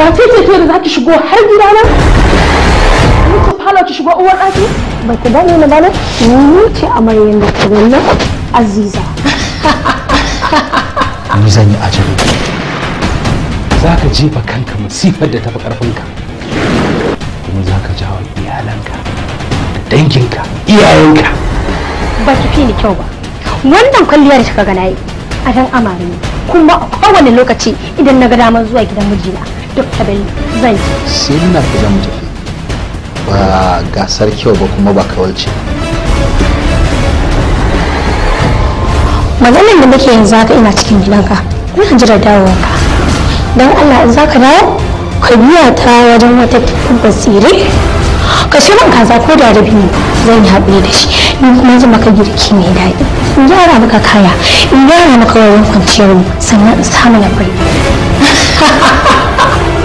wace ce ce da za ki shigo har gida na mutum falo ki shigo uwar ɗaki ba ki gane ni bane ni ce amaryan da ke nan aziza ni zan yi ajabi za ka jefa kanka masifar da tafi karfinka kuma za ka jawo iyalanka da danginka iyayenka ba ki fi ni kyau ba wannan kwalliyar da kika ga yi a dan amare kuma a kowane lokaci idan na ga damar zuwa gidan mijina duk abin zan ci sai muna ku mu tafi ba gasar kyau ba kuma ba kawalci maganin da nake yanzu haka ina cikin gidanka ina jira dawowarka don allah in zaka dawo ka biya ta wajen wata basiri ka shi man kaza ko da rabi ne zan yi haɗe da shi in kuma zama ka girki mai daɗi in gyara maka kaya in gyara maka wajen kwanciyar sannan in samu na bai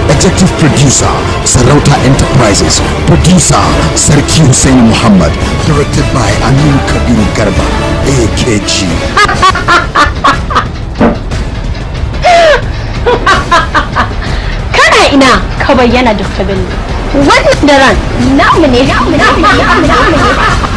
executive producer sarauta enterprises producer sarki hussein muhammad directed by aminu kabiru garba akg kana ina ka bayyana dr bello wannan daren namu ne namu ne namu ne